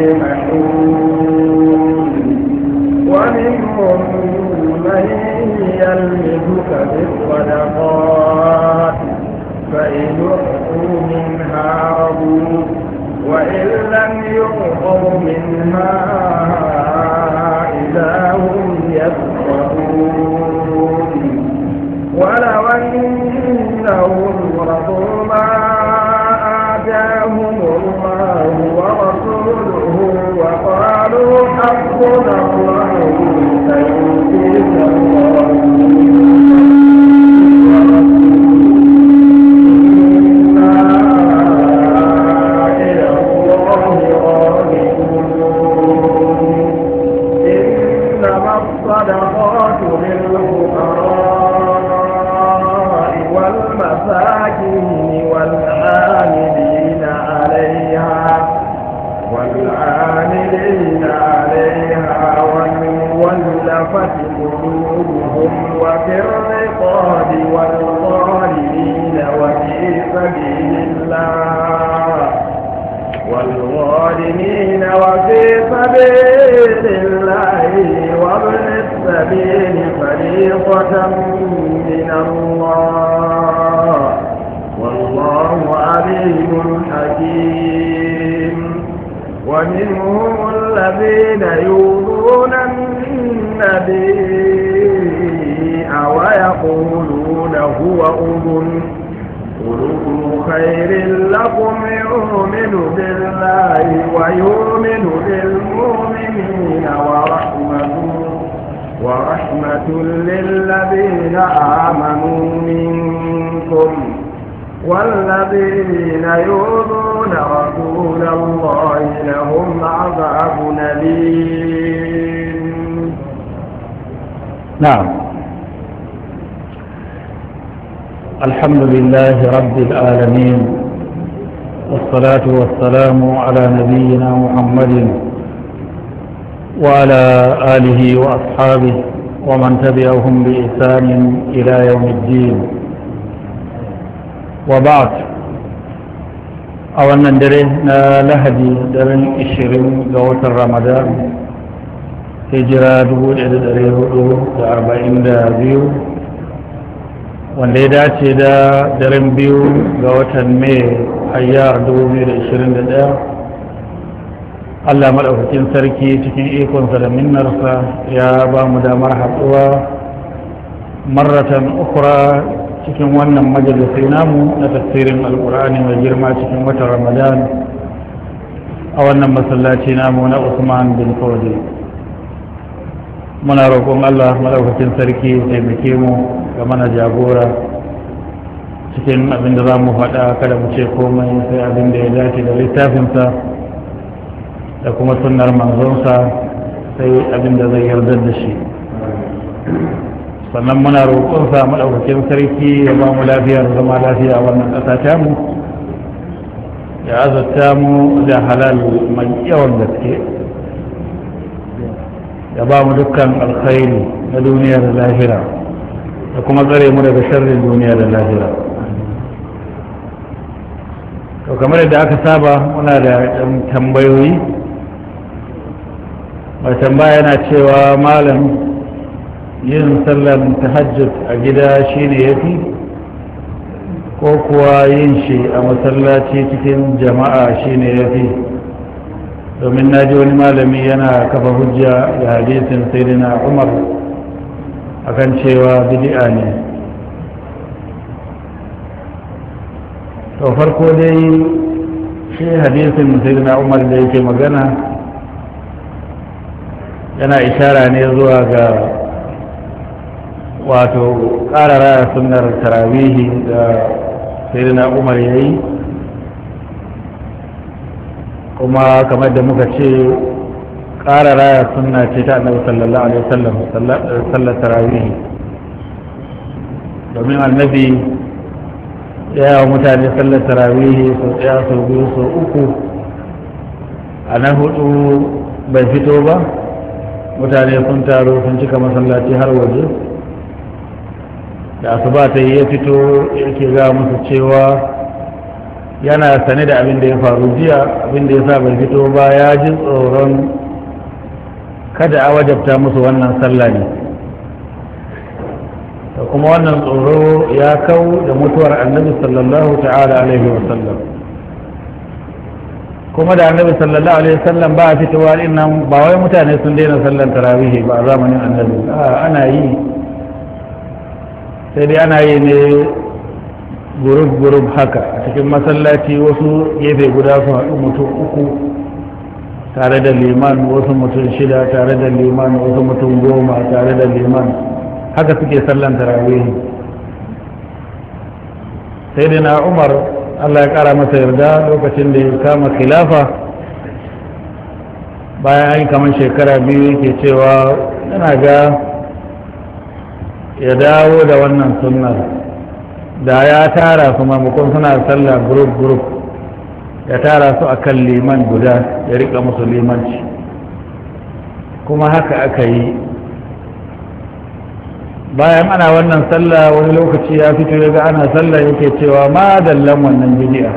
him and الظالمين وفي سبيل الله وابن السبيل فريضة من الله والله عليم حكيم ومنهم الذين يؤذون النبي ويقولون هو أذن خير لكم يؤمن بالله ويؤمن بالمؤمنين ورحمة ورحمة للذين آمنوا منكم والذين يؤذون رسول الله لهم عذاب أليم نعم الحمد لله رب العالمين والصلاة والسلام على نبينا محمد وعلى آله وأصحابه ومن تبعهم بإحسان إلى يوم الدين وبعد أولا درهنا لهدي درن إشرين جوة رمضان هجرة دول إلى دريه أربعين دابيو wanda ya dace da daren biyu ga watan mai ayyar 2021 allah maɗaukakin sarki cikin ikonsa da minnarsa ya ba mu damar haɗuwa marratan ukura cikin wannan majalisai namu na tafsirin alkur'ani mai girma cikin watan ramadan a wannan masallaci namu na usman bin fodi muna roƙon allah maɗaukakin sarki taimake mu ga mana jagora cikin abin da za mu faɗa kada mu ce komai sai abin da ya dace da littafinsa da kuma sunnar manzonsa sai abin da zai yarda da shi sannan muna roƙonsa maɗaukakin sarki ya ba mu lafiya da zama lafiya a wannan ƙasa tamu ya azurta mu da halal mai yawan gaske ya ba mu dukkan alkhairi na duniya da lahira da kuma tsare mu daga sharrin duniya da lahira to kamar yadda aka saba muna da tambayoyi mai tambaya yana cewa malam yin sallar tahajjud a gida shine yafi ko kuwa yin shi a masallaci cikin jama'a shine yafi domin na ji wani malami yana kafa hujja da hadisin umar akan cewa bid'a ne to farko dai shi hadisin na umar da yake magana yana ishara ne zuwa ga wato ƙarara sunnar tarawihi da sai na umar yayi kuma kamar da muka ce ƙara raya sunna ce ta annabi sallallahu alaihi wasallam sallar eh, tarawih domin annabi ya wa mutane sallar tarawih sau tsaya sau biyu sau uku a nan hudu bai fito ba mutane sun taro sun cika masallaci har waje da asuba ta yi ya fito yake ga musu cewa yana sane da abin da ya faru jiya abin da ya sa bai fito ba ya ji tsoron kada a wajabta musu wannan sallah ne da kuma wannan tsoro ya kawo da mutuwar annabi sallallahu ta'ala alaihi sallam kuma da annabi sallallahu alaihi wa sallam ba a fitowa nan ba wai mutane sun daina sallan tarawih ba a zamanin annabi ana yi sai dai ana yi ne gurub-gurub haka a cikin masallaci wasu gefe guda su haɗu mutum uku tare da liman wasu mutum shida tare da liman wasu mutum goma tare da liman haka suke sallan tarawih sai da na umar allah ya kara masa yarda lokacin da ya kama khilafa bayan an kamar shekara biyu yake cewa yana ga ya dawo da wannan sunnar da ya tara su mamakon suna sallah group group ya tara su a kan liman guda ya rika musu limanci kuma haka aka yi bayan ana wannan sallah wani lokaci ya fito ya ga ana sallah yake cewa ma dallan wannan bidi'a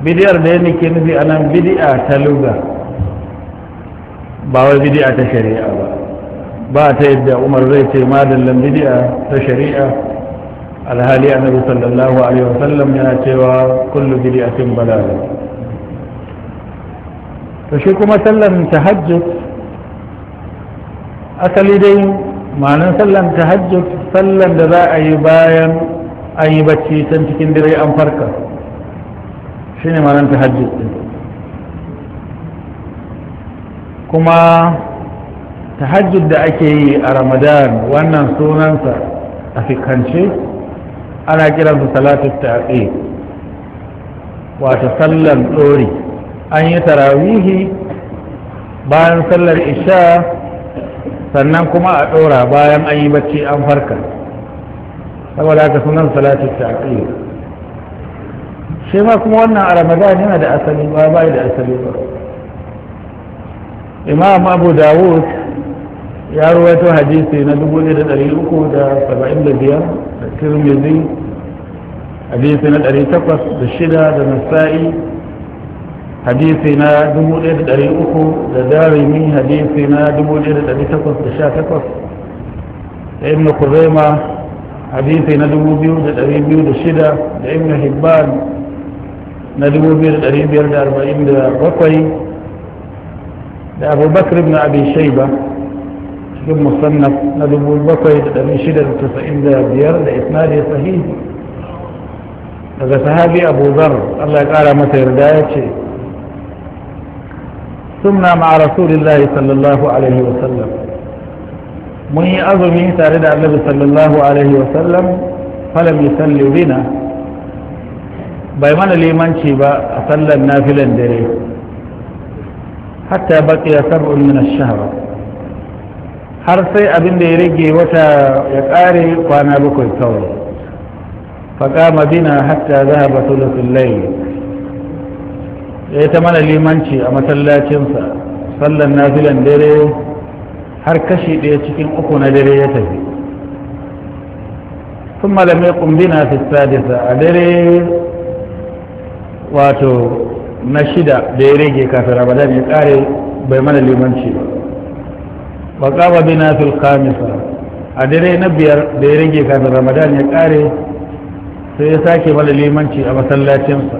bidiyar da ya nike nufi a nan bidi'a ta luga ba wai bidi'a ta shari'a ba ba ta yadda umar zai ce ma dallan bidi'a ta shari'a alhali annabi sallallahu alaihi wasallam yana cewa kullu bid'atin balala to shi kuma sallan tahajjud asali dai ma'anar sallan tahajjud sallan da za a yi bayan an yi bacci can cikin dare an farka shine ma'anar tahajjud kuma tahajjud da ake yi a ramadan wannan sunansa a fikance ana kiran su salatu ta'qi wato sallar dori an yi tarawihi bayan sallar isha sannan kuma a dora bayan an yi bacci an farka saboda haka sunan salatu ta'qi shi ma kuma wannan a ramadan yana da asali ba bai da asali ba imam abu dawud ya ruwaito hadisi na 1375 da tirmizi hadisi na 806 da nasa'i hadisi na 1300 da darimi hadisi na 1818 da ibn kuzaima hadisi na 2206 da ibn hibban na 2547 da abubakar ibn abi shaiba cikin musannaf na 7695 da isnadi sahihi. daga sahabi abu zar Allah ya kara masa yarda ya ce sumna ma'a rasulillahi sallallahu alaihi wasallam mun yi azumi tare da annabi sallallahu alaihi wasallam falam yusalli bina bai mana limanci ba a sallar nafilan dare hatta baqiya sab'un min ash-shahr har sai abin da ya rage wata ya ƙare kwana bakwai kawai faƙa bina hatta za a da sullai ya yi ta mana limanci a masallacinsa sallan nafilan dare har kashi ɗaya cikin uku na dare ya tafi sun malamai ƙumbina fi sadisa a dare wato na shida da ya rage kafin ramadan ya ƙare bai mana limanci ba wa qama bina fil khamisa a dare na biyar da ya rage kafin ramadan ya kare sai ya sake mana limanci a masallacinsa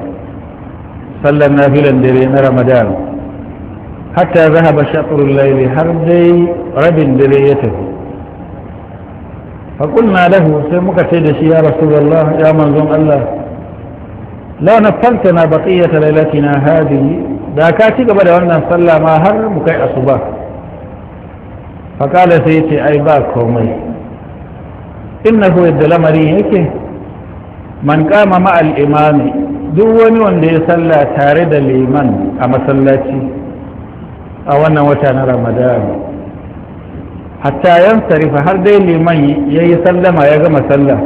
sallar filan dare na ramadan hatta zahaba har dai rabin dare ya tafi فقلنا له سيمك سيد يا رسول الله يا منظوم الله لو نفلتنا بقية ليلتنا هذه دا كاتي قبل أن نصلى ما هر مكي asuba. fakala sai ce ai ba komai innahu lamarin lamari yake man kama ma'al imami duk wani wanda ya salla tare da liman a masallaci a wannan wata na ramadan hatta yan sarifa har dai liman ya yi sallama ya gama sallah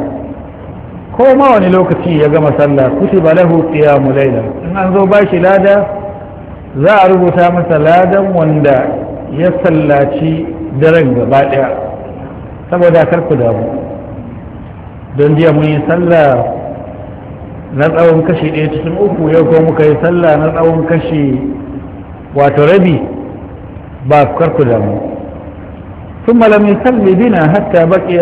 ko ma wani lokaci ya gama sallah kuti lahu qiyamu layla in an zo bashi lada za a rubuta masa ladan wanda ya sallaci daren gaba daya saboda kar ku damu don jiya mun yi sallah na tsawon kashi ɗaya cikin uku yau kuma muka yi sallah na tsawon kashi wato rabi ba kar ku damu ثم لم يصل بنا حتى بقي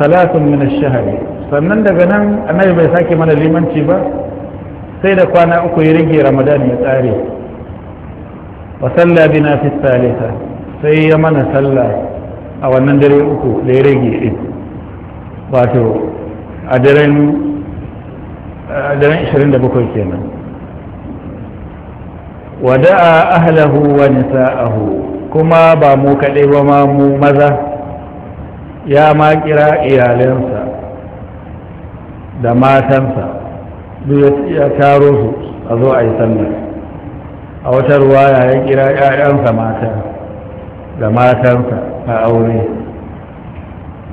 ثلاث من الشهر sannan daga nan annabi bai sake mana limanci ba sai da kwana uku ya rage ramadan ya tsare wa salla bina fi salisa sai ya mana sallah a wannan dare uku da ya rage ɗin wato a daren 27 kenan a ahlahu wa nisa'ahu kuma ba mu kaɗai ba ma mu maza ya ma kira iyalensa da matansa duk ya taro su a zo a yi sallah a wata ruwa ya kira 'ya'yansa mata da matansa a aure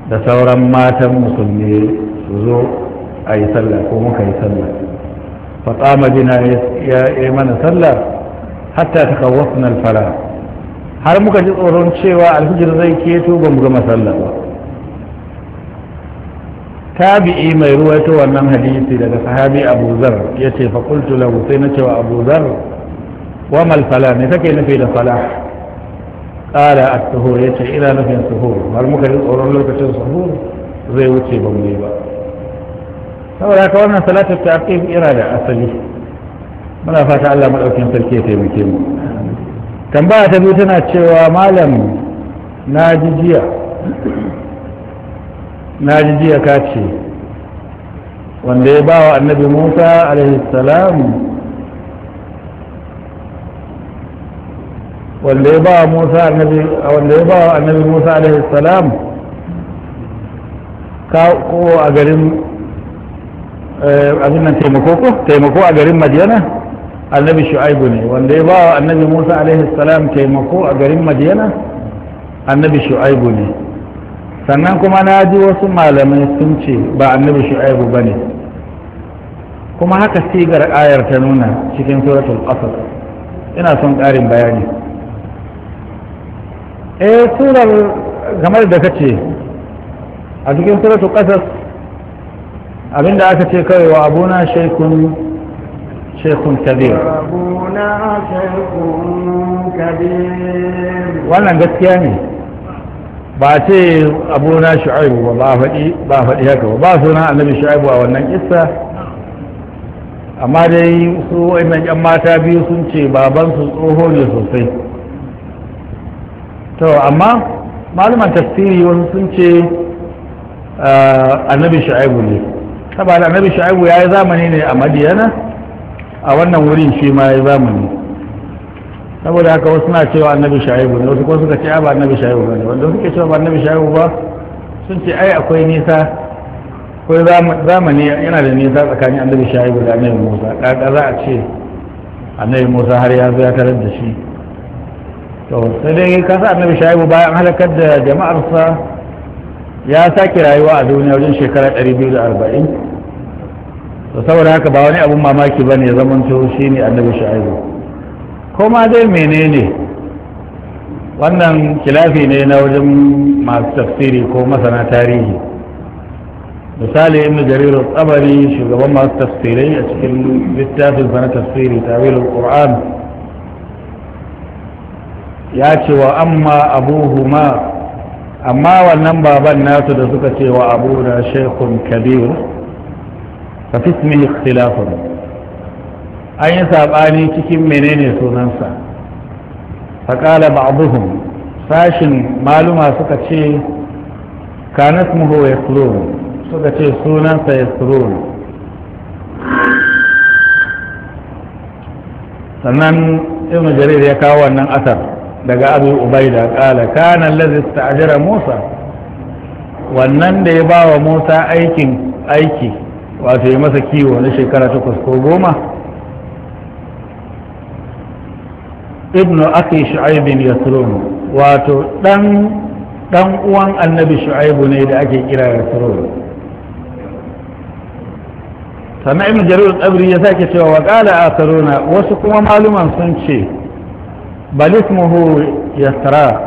da sauran matan musulmi su zo a yi sallah ko muka yi sallah fatsama bina ya yi mana sallah hatta ta kawasu fara. har muka ji tsoron cewa alfijir zai keto ba mu gama sallah ba tabi'i mai ruwaito wannan hadisi daga sahabi abu zar ya ce fakultu lahu sai na cewa abu zar wa mal fala ne take nufi da fala ƙara a taho ya ce ina nufin suhur har muka yi tsoron lokacin taho zai wuce ba mu yi ba saboda haka wannan salatar ta fi ira da asali muna fata Allah madaukin sarki ya taimake mu tambaya ta biyu tana cewa malam na ji na ka ce wanda ya ba wa annabi musa alaihi salam wanda ya ba Musa annabi wanda ya ba annabi Musa alaihi salam ko a garin eh, abin nan taimako ko taimako a garin Madiyana annabi Shu'aibu ne wanda ya ba annabi Musa alaihi salam taimako a garin Madiyana annabi Shu'aibu ne sannan kuma na ji wasu malamai sun ce ba annabi Shu'aibu ba ne kuma haka sigar ayar ta nuna cikin suratul qasas ina son ƙarin bayani eh surar kamar da ka ce, a cikin suratul qasas abinda aka ce kawai wa abuna shaykun shaykun kabir wannan gaskiya ne ba ce abuna shu'aibu ba faɗi ba faɗi haka ba sunan annabi shu'aibu a wannan kissa amma dai su wa'annan yan mata biyu sun ce babansu tsoho ne sosai to amma maluman tafsiri wasu sun ce eh, annabi shu'aibu ne saboda annabi shu'aibu ya yi zamani ne a madiyana a wannan wurin shi ma ya zamani saboda haka wasu na cewa annabi shu'aibu ne wasu kuma suka ce ba annabi shu'aibu ne wanda suke cewa ba annabi shu'aibu ba sun ce ai akwai nisa akwai zamani yana da nisa tsakanin annabi shu'aibu da annabi musa da za a ce annabi musa har ya zo ya tarar da shi to sai dai sa annabi shaibu bayan halakar da jama'arsa ya sake rayuwa a duniya wajen shekara 240 to saboda haka ba wani abun mamaki ba ne zamanto shi ne annabi shaibu ma dai menene wannan kilafi ne na wajen masu tafsiri ko masana tarihi misali ibn jarir al-tabari shugaban masu tafsirai a cikin littafin na tafsiri tawilul qur'an ya ce wa amma abuhuma amma wannan baban nasu da suka ce wa abu da shekun kabir fa fi ikhtilafun an yi sabani cikin menene sunansa fa qala ba'dhum sashin maluma suka ce kana ismuhu yasrun suka ce sunansa yasrun sannan ibn jarir ya kawo wannan asar daga abu ubaida kala kana lazi ista'jara musa wannan da ya ba wa musa aikin aiki wato ya masa kiwo na shekara takwas ko goma ibnu akhi shu'aib yasrun wato dan dan uwan annabi shu'aibu ne da ake kira yasrun sannan ibnu jarir al ya sake cewa wa qala asaruna wasu kuma maluman sun ce bal ismuhu yasra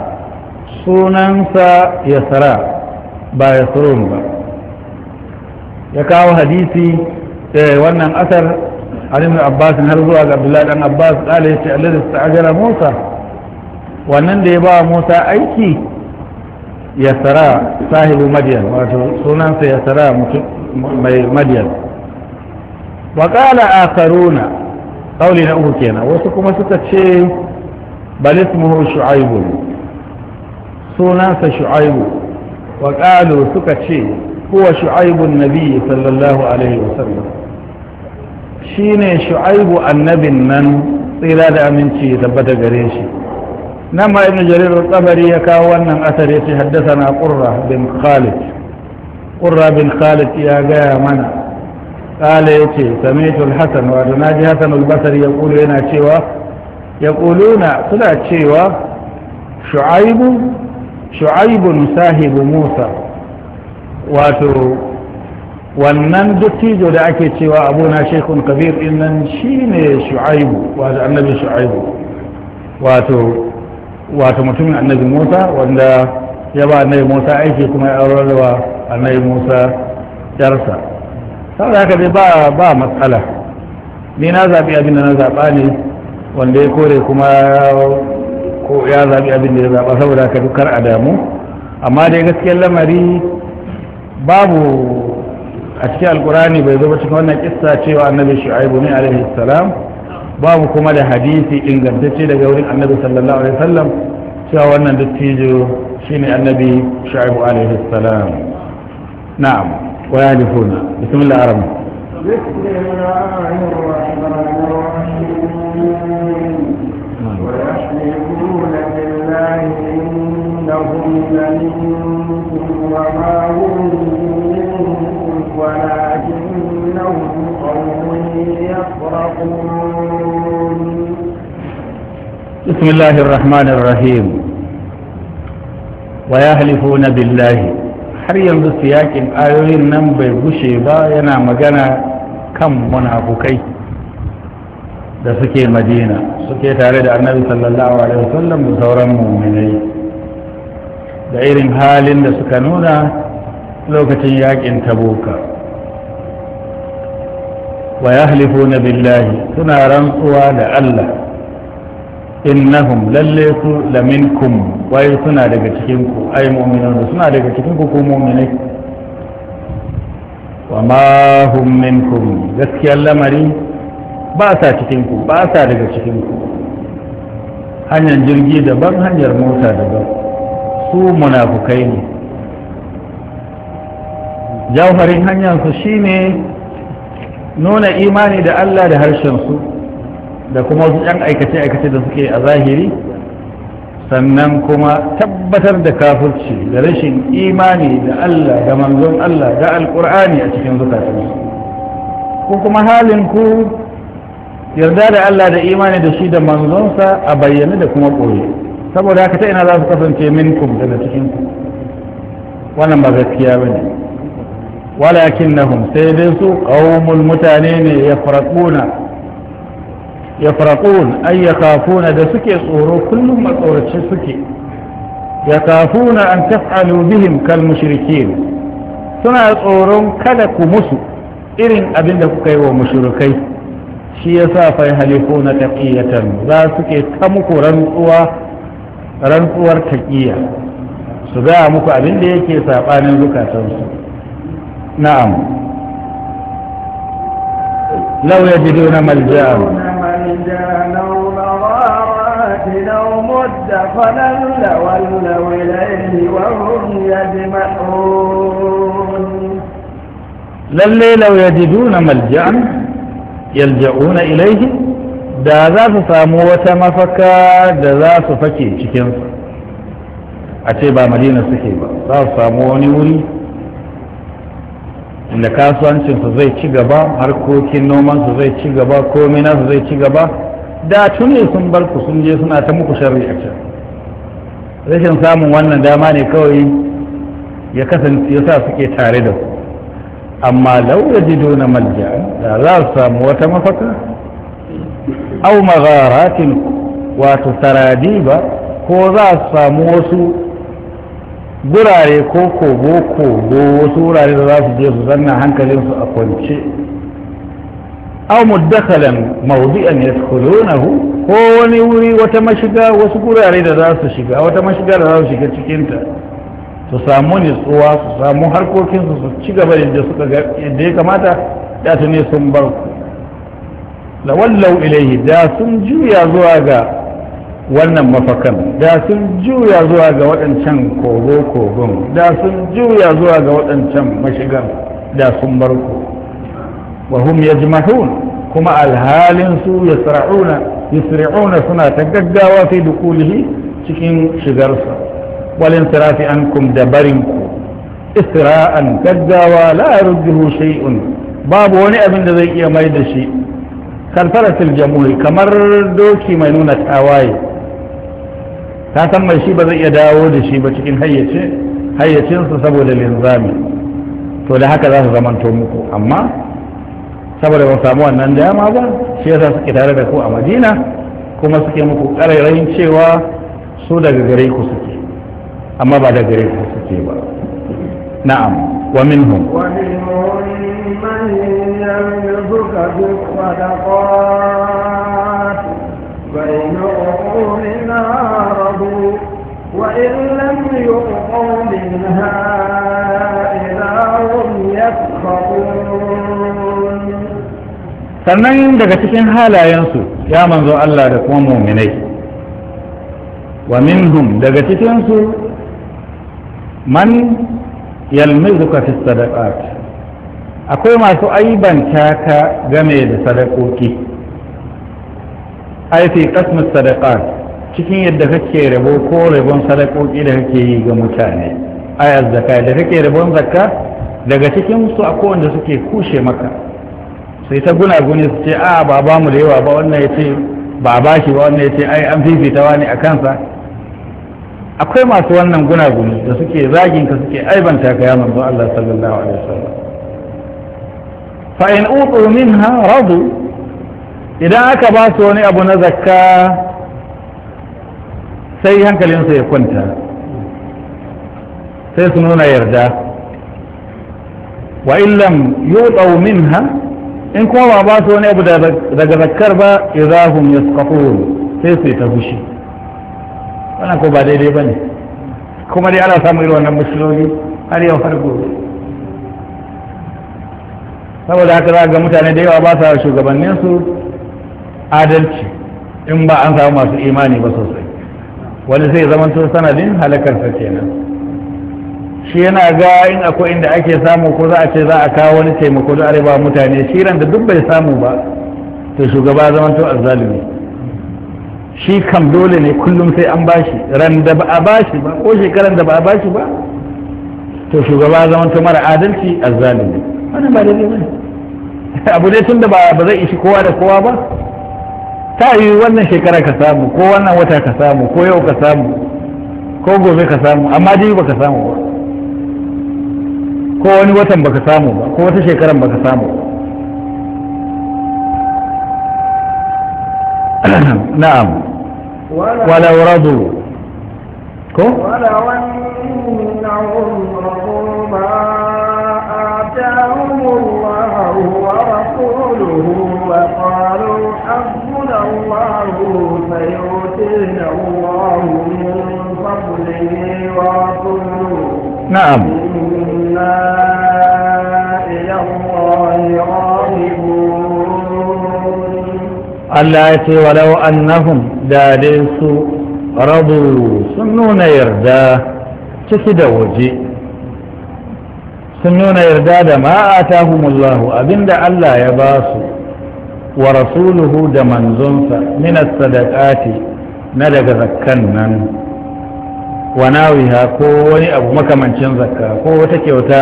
sunansa yasra ba yasrun ba ya kawo hadisi wannan asar an ibn abbas har zuwa ga abdullahi dan abbas kala yace alladhi ista'jara musa wannan da ya ba musa aiki yasra sahibu madyan wato sunansa yasra mai madyan wa qala akharuna qawli na uku kenan wasu kuma suka ce بل اسمه شعيب سناس شعيب وقالوا سكتشي هو شعيب النبي صلى الله عليه وسلم شين شعيب النبي من طيلة أمنشي ثبت قريشي نما ابن جرير الطبري يكاونا أثري حدثنا قرة بن خالد قرة بن خالد يا جاء منا قال يتي سمعت الحسن وأتناجي حسن البصري يقول لنا شوى yaquluna suna cewa shu'aibu shu'aibun sahibu musa wato wannan dattijo da ake cewa abuna shekun kabir shi ne shu'aibu wato annabi shu'aibu wato mutumin annabi musa wanda ya ba annabi musa aiki kuma ya aurarwa annabi musa yarsa saboda haka dai ba matsala ni na zaɓi abin da na zaɓa ne wanda ya kore kuma ko ya zaɓi abin da ya zaɓa saboda ka dukkan adamu amma dai gaskiyar lamari babu a cikin alkurani bai zo ba cikin wannan kissa cewa annabi shu'aibu ne alaihi salam babu kuma da hadisi ingantacce daga wurin annabi sallallahu alaihi wasallam cewa wannan dattijo shine annabi shu'aibu alaihi salam na'am wa yalifuna bismillahir rahmanir rahim ويحلفون بالله إنهم لمنكم وما هم منكم ولكنهم قوم يفرقون بسم الله الرحمن الرحيم ويحلفون بالله har yanzu siyakin ayoyin nan bai gushe ba yana magana kan munafukai da suke madina suke tare da annabi sallallahu alaihi wasallam da sauran muminai da irin halin da suka nuna lokacin yakin tabuka wa yahlifuna billahi suna rantsuwa da Allah innahum lalle su laminkum wai suna daga cikin ku ai mu'minun suna daga cikin ku ko mu'minai wa ma hum minkum gaskiyar lamari ba sa cikinku ba sa daga cikinku hanyar jirgi daban hanyar mota daban su munafukai ne jauharin hanyarsu shine nuna imani da Allah da harshensu da kuma wasu 'yan aikace-aikace da suke a zahiri sannan kuma tabbatar da kafirci da rashin imani da Allah da manzon Allah da alkur'ani a cikin zukatansu ko kuma halin ku yarda da Allah da imani da shi da manzonsa a bayyane da kuma koyi saboda haka ta ina za su kasance minkum daga cikin wannan ba gaskiya ba ne walakin nahum sai dai su qawmul mutane ne ya yafraquna yafraqun ay yakhafuna da suke tsoro kullum matsorace suke yakhafuna an taf'alu bihim kal mushrikin suna tsoron kada ku musu irin abin da kuka yi wa mushrikai shi ya sa fai halifu na taƙiyatan za su ke ta muku rantsuwar taƙiya su gaya muku abin da yake saɓanin zukatansu na'am lau ya ji duna malja lalle lau ya ji duna malja'an yalja'una ilaihi da za su samu wata mafaka da za su fake cikinsa a ce ba madina suke ba za su samu wani wuri inda kasuwancinsu zai ci gaba harkokin nomansu zai ci gaba komai nasu zai ci gaba da tuni sun bar ku sun je suna ta muku sharri a can rashin samun wannan dama ne kawai ya kasance ya sa suke tare da ku amma lau ya ji duna malja da za su samu wata mafaka au magharatin wato saradi ba ko za su samu wasu gurare ko kogo kogo wasu wurare da za su je su zanna hankalinsu a kwance au muddakalan mawdi'an yadkhulunahu ko wani wuri wata mashiga wasu gurare da za su shiga wata mashiga da za su shiga cikinta su samu nutsuwa su samu harkokinsu su ci gaba yadda suka ga yadda ya kamata da ta ne sun bar ku la wallau ilaihi da sun juya zuwa ga wannan mafakan da sun juya zuwa ga waɗancan kogo kogon da sun juya zuwa ga waɗancan mashigan da sun bar ku wa hum yajmahun kuma alhalin su yasra'una yasra'una suna ta gaggawa fi dukulihi cikin shigarsa walin sirafi an da barin ku isra'an gaggawa la yarjuhu shay'un babu wani abin da zai iya maida da shi karfaratul jamhuri kamar doki mai nuna tawaye ta san mai shi ba zai iya dawo da shi ba cikin hayyace hayyacinsa saboda linzami to da haka za su zamanto muku amma saboda ba sami wannan dama ba shi yasa suke tare da ku a madina kuma suke muku ƙarairayin cewa su daga gare ku amma ba da gare su suke ba na'am wa minhum من يملك بالصدقات فإن أعطوا منها رضوا وإن لم يعطوا منها إذا هم يسخطون sannan daga cikin halayensu ya manzo Allah da kuma muminai wa minhum daga cikinsu man yalmizuka fi sadaqat akwai masu aibanta ka game da sadakoki ai fi qasmus sadaqat cikin yadda kake rabo ko rabon sadakoki da kake yi ga mutane ayar zakka da kake rabon zakka daga cikin su akwai wanda suke kushe maka sai ta guna guni su ce a ba ba mu da yawa ba wannan ya ce ba ba shi ba wannan ya ce ai an fifita wani a kansa akwai masu wannan gunaguni da suke zagin ka suke aibanta ka ya manzo Allah sallallahu alaihi wasallam fa in utu minha radu idan aka ba su wani abu na zakka sai hankalinsu ya kwanta sai su nuna yarda wa illam yutu minha in kuma ba su wani abu daga zakkar ba idahum yasqatun sai su ta fushi wannan ko ba daidai ba ne kuma dai ana samun irin wannan musuloli har yau har gobe saboda haka za ga mutane da yawa ba sa shugabanninsu adalci in ba an samu masu imani ba sosai wani zai zamanto sanadin halakarsa kenan shi yana ga in akwai inda ake samu ko za a ce za a kawo wani taimako da arewa mutane shi ran da duk bai samu ba to shugaba zamanto azzalumi shi kam dole ne kullum sai an bashi ran da ba a bashi ba ko shekaran da ba a bashi ba to shugaba zaman ta mara adalci a zalimi wannan ba daidai bane abu dai tun ba ba zai ishi kowa da kowa ba ta yi wannan shekara ka samu ko wannan wata ka samu ko yau ka samu ko gobe ka samu amma dai ba ka samu ba ko wani watan baka samu ba ko wata shekaran baka samu na'am ولو رضوا كم ولو أنهم رضوا ما آتاهم الله ورسوله وقالوا حسبنا الله فيؤتينا الله من فضله ورسوله نعم Allah ya ce walau annahum da dai su rabu sun nuna yarda ciki da waje sun nuna yarda da ma'atahumullahu abinda Allah ya ba su wa rasuluhu da manzonsa minas sadaqati na daga zakkan nan wa nawiha ko wani abu makamancin zakka ko wata kyauta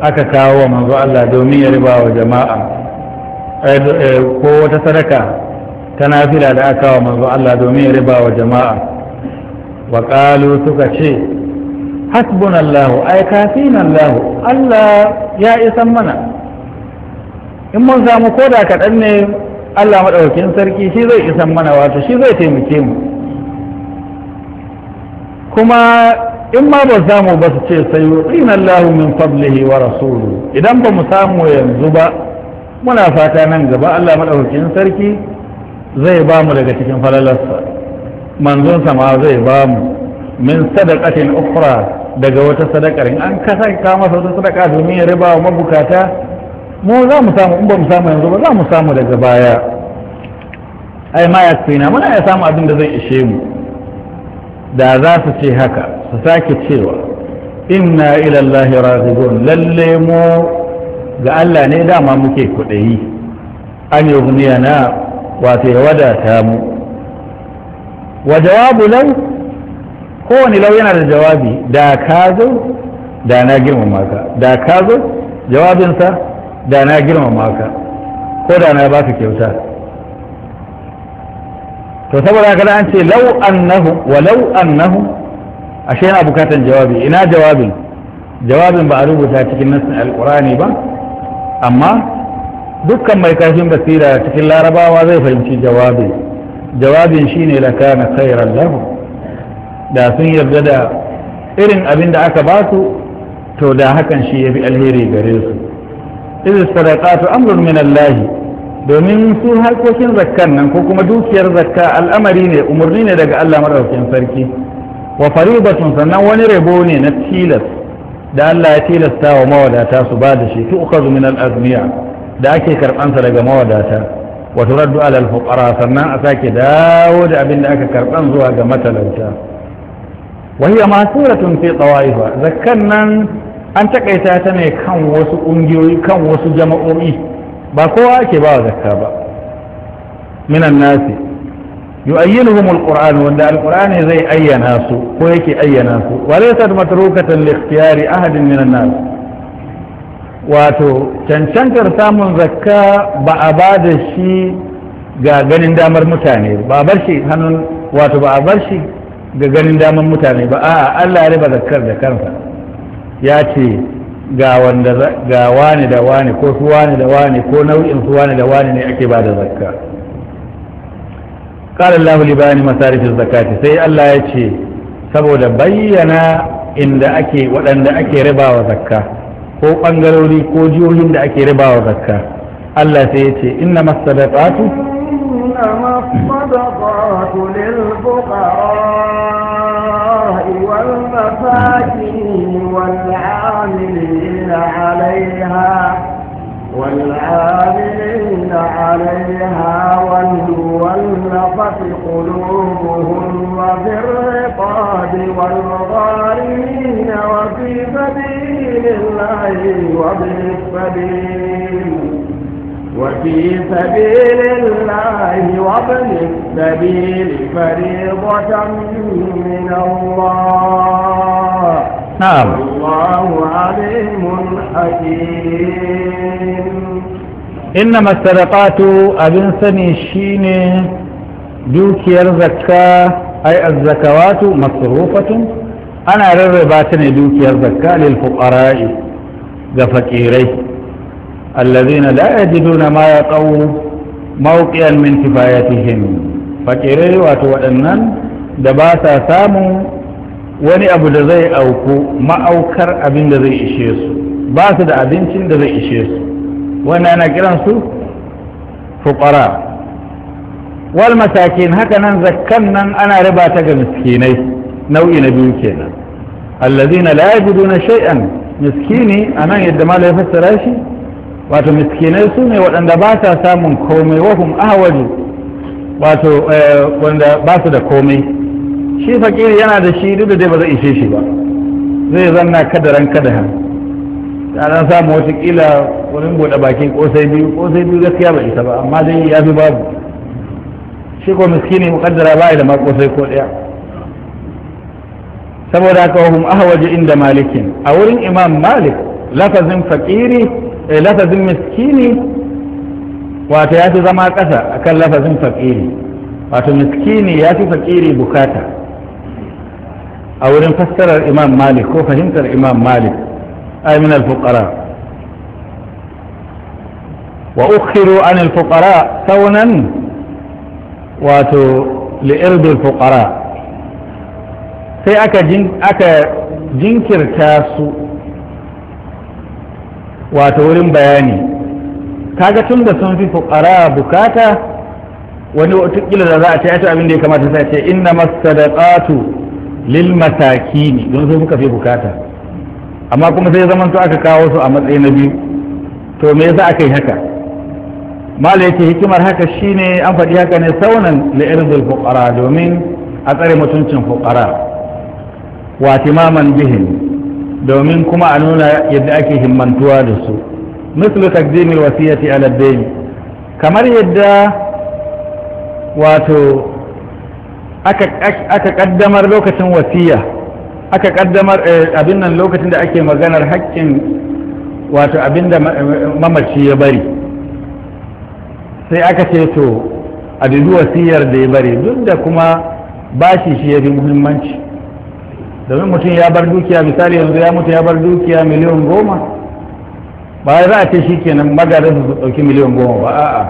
aka kawo wa manzo Allah domin ya riba wa jama'a Eh, ko wata sadaka ta nafila da aka wa manzo Allah domin riba wa jama'a wa qalu suka ce hasbunallahu ay kafinallahu Allah ya isan mana in mun samu koda kaɗan ne Allah maɗaukin sarki shi zai isan mana wato shi zai taimake mu kuma in ma ba samu ba su ce sai yuqina Allahu min fadlihi wa rasuluhu idan ba mu samu yanzu ba muna fata nan gaba Allah madaukakin sarki zai ba mu daga cikin falalarsa manzon sama zai ba mu min sadaqatin ukhra daga wata sadakar an kasa masa wata sadaka domin ya riba wa mabukata mu za mu samu in ba mu samu yanzu ba za mu samu daga baya ai ma ya muna ya samu abin da zai ishe mu da za su ce haka su sake cewa inna ila allahi raghibun lalle mu ga Allah ne dama muke kuɗayi an yi na wato ya wadata mu wa jawabu lau kowane lau yana da jawabi da ka zo da na girmama ka da ka zo jawabinsa da na girmama ka ko da na ba su kyauta to saboda kada an ce lau annahu wa lau annahu ashe yana bukatan jawabi ina jawabin jawabin ba a rubuta cikin nasin alkurani ba amma dukkan mai kashin basira cikin larabawa zai fahimci jawabin shi ne da kana khairan lahu da sun yarda da irin abin da aka ba su to da hakan shi ya bi alheri gare su iz sadaqatu amrun min Allah domin su harkokin zakkan nan ko kuma dukiyar zakka al'amari ne umarni ne daga Allah madaukakin sarki wa faridatun sannan wani rabo ne na tilas da Allah ya tilasta wa mawadata su ba da shi tu ukazu min al-azmiya da ake karbansa daga mawadata wa turaddu ala al-fuqara sannan a sake dawo da abin da aka karban zuwa ga matalauta wa hiya masuratun fi tawaifa zakkan nan an takaita ta ne kan wasu ƙungiyoyi kan wasu jama'o'i ba kowa ake ba zakka ba minan nasi yu'ayyinuhum alquran wanda alqur'ani zai ayyana su ko yake ayyana su walaysa matrukatan li ikhtiyari ahadin min an-nas wato cancantar samun zakka ba a ba da shi ga ganin damar mutane ba a bar shi hannun wato ba a bar shi ga ganin damar mutane ba a'a Allah ya riba zakkar da kansa ya ce ga wani da wani ko su wani da wani ko nau'in su wani da wani ne ake ba da zakka قال الله لبان مصارف الزكاة سي الله يتشي سبود بينا إن دأكي وأن دأكي ربا وزكا هو أنقلوا لي كوجيو إن اكي ربا وزكا الله سيتشي إنما الصدقات إنما الصدقات للفقراء والمساكين والعاملين عليها والعاملين عليها والمولقة قلوبهم وفي الرقاب والغارمين وفي سبيل الله وفي السبيل وفي سبيل الله وابن السبيل فريضة من الله نعم والله عليم حكيم إنما الصدقات أبن سني شيني دوكي الزكاة أي الزكوات مصروفة أنا ررباتني دوكي الزكاة للفقراء فقيري الذين لا يجدون ما يطووا موقعا من كفايتهم فقيري واتوا أنن دباسا ساموا wani abu da zai auku ma'aukar abin da zai ishe su ba su da abincin da zai ishe su wannan ana kiransu fukara wal matakin haka nan zakkan nan ana riba ta ga miskinai nau'i na biyu kenan allazina la duna shay'an miskini anan yadda malai fassara shi wato miskinai su ne waɗanda ba sa samun komai wahum ahwaju wato eh, wanda ba su da komai shi fakiri yana da shi duk da dai ba zai ishe shi ba zai zanna kadaran da an samu watakila wurin buɗe bakin ƙosai biyu ƙosai biyu gaskiya ba isa ba amma dai ya fi babu shi ko miskini mukaddara ba da ma ƙosai ko ɗaya saboda haka hum ahwaje inda malikin a wurin imam malik lafazin fakiri eh, lafazin miskini wato ya fi zama ƙasa akan lafazin fakiri wato miskini ya fi fakiri bukata a wurin fassarar imam malik ko fahimtar imam malik min al-fuqara wa ukhiru an al saunan wato li'irdu al sai aka jinkirta su wato wurin bayani kaga tun da sun fi fukara bukata wani watakila da za a ce abin da ya kamata sai ce inna masadaqatu lil masakini don sai suka fi bukata amma kuma sai zaman to aka kawo su a matsayi na biyu to me yasa aka yi haka mala yake hikimar haka shine an faɗi haka ne saunan li'irzul fuqara domin a tsare mutuncin fuqara wa timaman bihin domin kuma a nuna yadda ake himmantuwa da su mislu takdimil wasiyati ala dayn kamar yadda wato aka kaddamar lokacin wasiya aka kaddamar eh, abin nan lokacin da ake maganar haƙƙin wato abin da mamaci ya bari sai aka ce to a dudu wasiyar da ya bari duk da kuma bashi shi ya fi muhimmanci domin mutum ya bar dukiya misali yanzu ya mutu ya bar dukiya miliyan goma ba za a ce shi kenan magarin su ɗauki miliyan goma ba a'a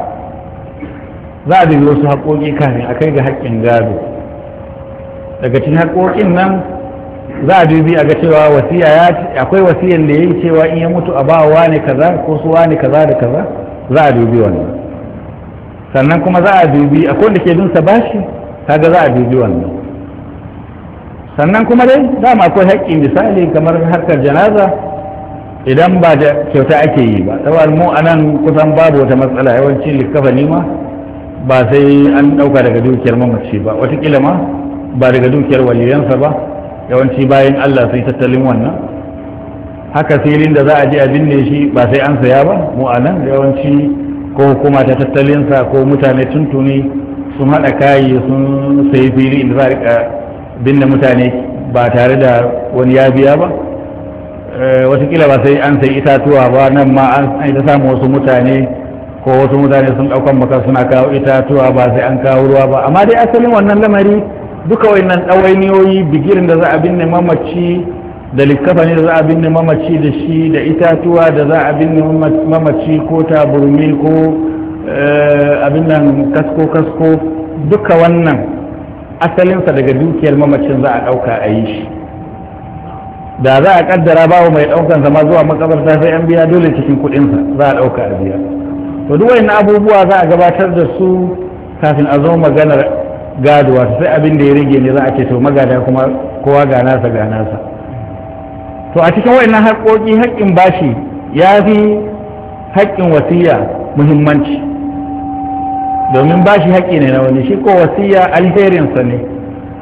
za a dubi wasu haƙoƙi kafin a kai ga haƙƙin gado daga cikin haƙoƙin nan za a dubi a ga cewa wasiya ya akwai wasiyan da yayi cewa in ya mutu a ba wa ne kaza ko su wa ne kaza da kaza za a dubi wannan sannan kuma za a dubi akwai wanda ke bin sa bashi kaga za a dubi wannan sannan kuma dai dama akwai haƙƙi misali kamar harkar janaza idan ba da kyauta ake yi ba tawar mu anan kusan babu wata matsala yawancin ne ma ba sai an ɗauka daga dukiyar mamaci ba watakila ma ba daga dukiyar waliyansa ba yawanci bayan Allah sai tattalin wannan haka filin da za a je a binne shi ba sai an saya ba mu a nan yawanci ko kuma ta tattalin sa ko mutane tuntuni sun haɗa kayi sun sayi fili inda za a rika binne mutane ba tare da wani ya biya ba eh, watakila ba sai an sayi itatuwa ba nan ma an ita samu wasu mutane ko wasu mutane sun ɗaukan baka suna kawo itatuwa ba sai an kawo ruwa ba amma dai asalin wannan lamari duka wannan ɗawainiyoyi bigirin da za a binne mamaci da ne da za a binne mamaci da shi da itatuwa da za a binne mamaci ko taburmi ko eh, abin nan kasko-kasko duka wannan asalinsa daga dukiyar mamacin za a ɗauka a yi shi da za a kaddara babu mai ɗaukan zama zuwa makabarta sai an biya dole cikin kuɗinsa za a ɗauka a biya to duk wayannan abubuwa za a gabatar da su kafin a zo maganar gaduwa sai abin da ya rage ne za a ce to magada kuma kowa ga nasa ga nasa to a cikin wayannan haƙoƙi haƙƙin bashi ya fi haƙƙin wasiya muhimmanci domin bashi haƙƙi ne na wani shi ko wasiya alherinsa ne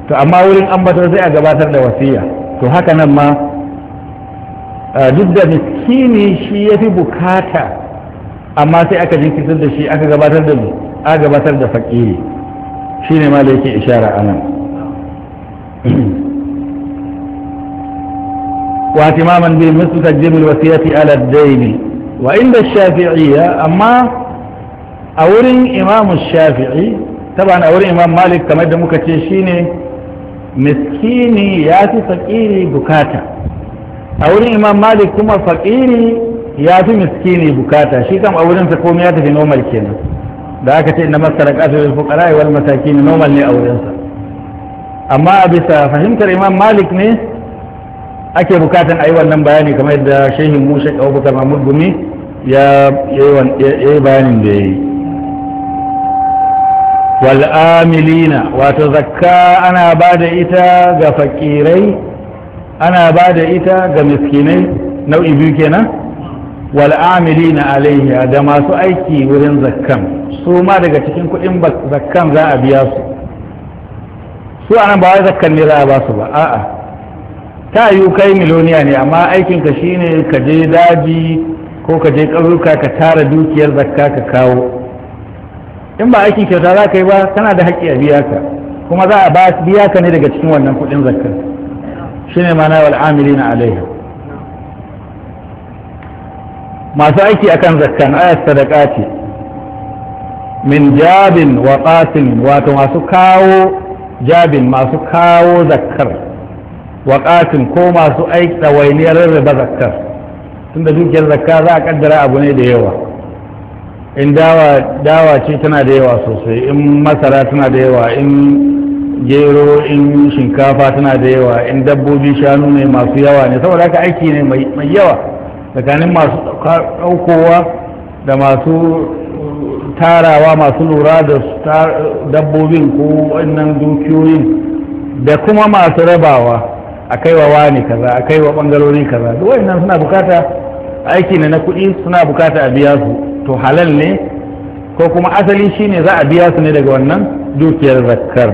to amma wurin ambatar sai a gabatar da wasiya to haka nan ma duk da miskini shi ya fi bukata amma sai aka jinkirtar da shi aka gabatar da aka gabatar da fakiri shi ne malakin ishara a واهتماما بمثل تقديم الوصية على الدين وإن الشافعية أما أورين إمام الشافعي طبعا أورين إمام مالك كما يدمك مكتشيني مسكيني ياتي فقيري بكاتا أورين إمام مالك كما فقيري ياتي مسكيني بكاتا شي كم أورين تقوم ياتي في نوم الكينة da aka ce na masara kasar fuqara wal masakin normal ne a wurinsa amma a bisa fahimtar imam malik ne ake bukatan ayi wannan bayani kamar yadda shehin musa abubakar mamud gumi ya yi bayanin da ya yi wal'amilina wato zakka ana ba da ita ga fakirai ana ba da ita ga miskinai nau'i biyu kenan wal amilina alaiha da masu aiki wurin zakkan su ma daga cikin kuɗin zakkan za a biya su su anan ba wai zakkan ne za a ba su ba a'a ta yiwu kai miloniya ne amma aikin ka shine ka je daji ko ka je ƙauyuka ka tara dukiyar zakka ka kawo in ba aikin kyauta za ka yi ba kana da haƙƙi a biya ka kuma za a biya ka ne daga cikin wannan kuɗin zakka shine ma'ana wal amilina alaiha masu aiki akan zakkan ayat sadaka ce min jabin wa qasim wato masu kawo jabin masu kawo zakkar wa qasim ko masu aiki ɗawainiyar rarraba zakkar tunda dukiyar zakka za a kaddara abu ne da yawa in dawa dawa ce tana da yawa sosai in masara tana da yawa in gero in shinkafa tana da yawa in dabbobi shanu ne masu yawa ne saboda haka aiki ne mai yawa tsakanin masu ɗaukowa da masu tarawa masu lura da dabbobin ko wannan dukiyoyin da kuma masu rabawa a kaiwa wani kaza a kaiwa bangarori kaza duk wannan suna bukata aiki ne na kuɗi suna bukata a biya su to halal ne ko kuma asali shine za a biya su ne daga wannan dukiyar zakkar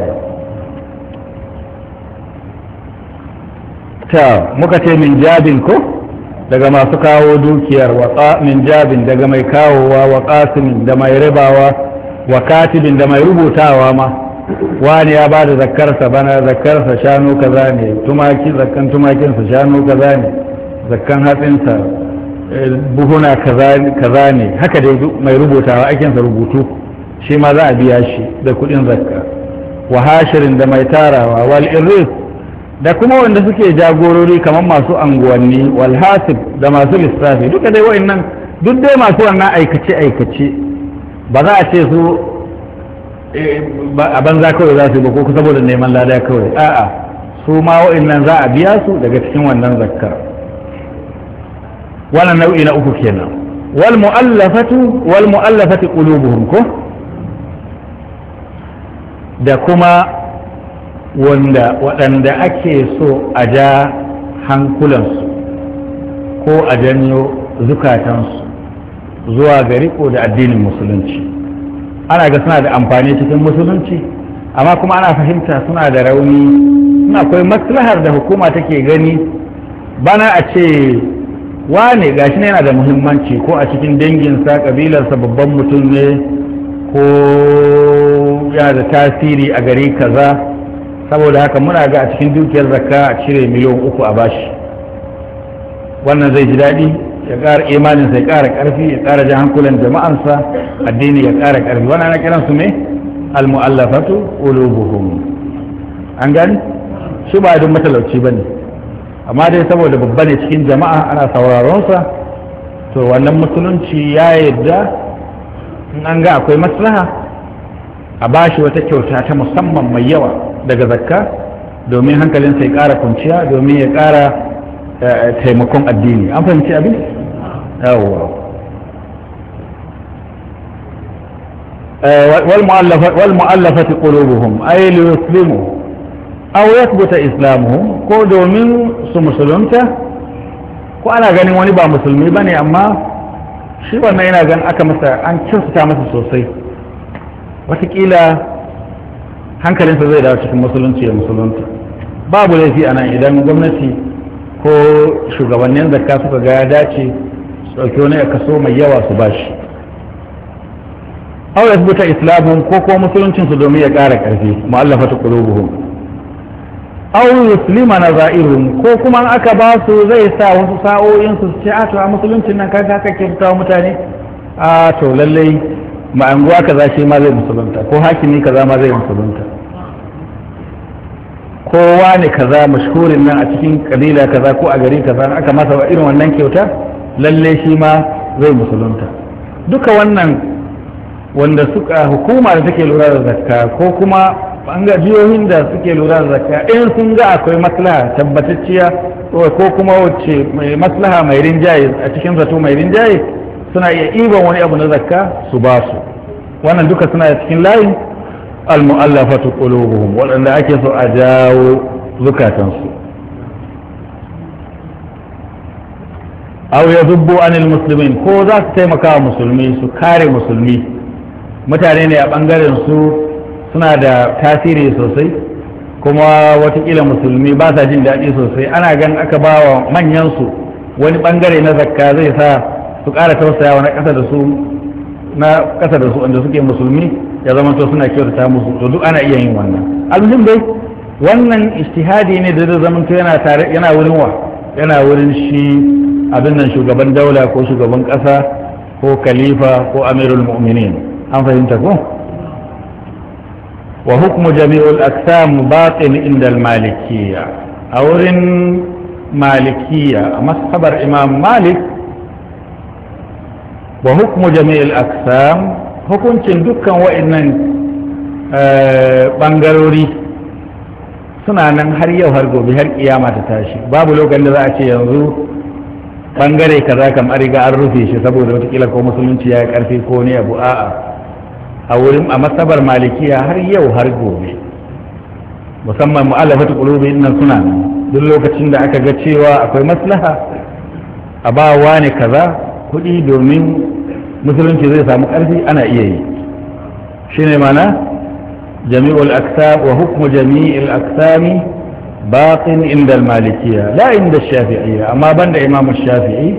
ta muka ce min jabin ko daga masu kawo dukiyar wa min jabin daga mai kawowa wa qasimin da mai ribawa wa katibin da mai rubutawa ma wani ya bada zakkarsa bana zakkarsa shanu kaza ne tumaki zakkan tumakinsa shanu kaza ne zakkan hatsinsa eh, buhuna kaza ne haka dai mai rubutawa aikinsa rubutu shi ma za a biya shi da kudin zakka wa hashirin da mai tarawa wal irris da kuma wanda suke jagorori kamar masu anguwanni walhasib da masu lissafi duka dai wa'annan duk dai masu wannan aikace-aikace ba za a ce su eh, a banza kawai za su yi ba ko saboda neman lada kawai a'a su ma wa'annan za a biya su daga cikin wannan zakkar wannan nau'i na uku kenan wal mu'allafatu wal mu'allafati qulubuhum ko da kuma wanda waɗanda ake so a ja hankulansu ko a janyo zukatansu zuwa ga riko da addinin musulunci ana ga suna da amfani cikin musulunci amma kuma ana fahimta suna da rauni suna akwai maslahar da hukuma take gani bana a ce wane gashi ne yana da muhimmanci ko a cikin danginsa kabilarsa babban mutum ne ko yana da tasiri a gari kaza saboda haka muna ga a cikin dukiyar zakka a cire miliyan uku a bashi wannan zai ji daɗi ya ƙara imaninsa ya ƙara ƙarfi ya ƙara jan hankulan jama'ansa addini ya ƙara ƙarfi wannan ana kiransu me almu'allafatu ulubuhum an gani shi ba duk matalauci ba ne amma dai saboda babba ne cikin jama'a ana sauraron sa to wannan musulunci ya yarda in an ga akwai maslaha a bashi wata kyauta ta musamman mai yawa daga zakka domin hankalinsa ya ƙara kwanciya domin ya ƙara eh, taimakon addini an fahimci abin yawwa والمؤلفة eh, ay li yuslimu aw yathbuta islamuhum ko domin su musulunta ko ana ganin wani ba musulmi bane amma shi wannan yana gan aka masa an kyautata masa sosai watakila hankalinsa zai dawo cikin musulunci da musulunta babu laifi a nan idan gwamnati ko shugabannin zakka suka ga ya dace su ɗauki wani kaso mai yawa su bashi aw yasbuta islamun ko ko musuluncin su domin ya ƙara ƙarfi mu'allafatu qulubuhum aw na za'irun ko kuma aka ba su zai sa wasu sa'o'in su ce a to a musuluncin nan kaka ka kirtawa mutane a to lallai Ma'anguwa kaza shi ma zai musulunta ko hakimi kaza ma zai musulunta kowa ne kaza mashhurin nan a cikin kabila kaza ko a gari kaza aka masa irin wannan kyauta lalle shi ma zai musulunta duka wannan wanda suka hukuma da take lura da zakka ko kuma jihohin da suke lura da zakka in sun ga akwai maslaha tabbatacciya ko kuma wacce maslaha mai rinjaye a cikin zato mai rinjaye suna iya iban wani abu na zakka su ba su wannan duka suna cikin layi almu'allafatu qulubuhum waɗanda ake so a jawo zukatansu aw yadubbu anil muslimin ko za su taimaka wa musulmi su kare musulmi mutane ne a bangaren su suna da tasiri sosai kuma watakila musulmi ba sa jin daɗi sosai ana gan aka ba wa manyansu wani bangare na zakka zai sa su ƙara tausayawa na ƙasa da su na ƙasa da su wanda suke musulmi ya zama to suna kyautata musu to duk ana iya yin wannan almuhim dai wannan ijtihadi ne da zai zama to yana tare yana wurin wa yana wurin shi abin nan shugaban daula ko shugaban ƙasa ko khalifa ko amirul mu'minin an fahimta ko wa hukmu jami'ul aqsam batin inda al-malikiyya a wurin malikiya a mashabar imam malik wa hukmu jami'il aksam hukuncin dukkan wa'annan eh, bangarori suna nan har yau har gobe har kiyama ta tashi babu lokacin da za a ce yanzu bangare kaza kam an riga an rufe shi saboda watakila ko musulunci ya yi karfi ko ne abu a'a a wurin a masabar malikiya har yau har gobe musamman mu'allafatu qulubi nan suna nan duk lokacin da aka ga cewa akwai maslaha a ba wani kaza kuɗi domin musulunci zai samu ƙarfi ana iya yi shi ne mana jami'ul aksam wa hukmu jami'il aksami batin inda malikiya la inda shafi'iyya amma banda imamu shafi'i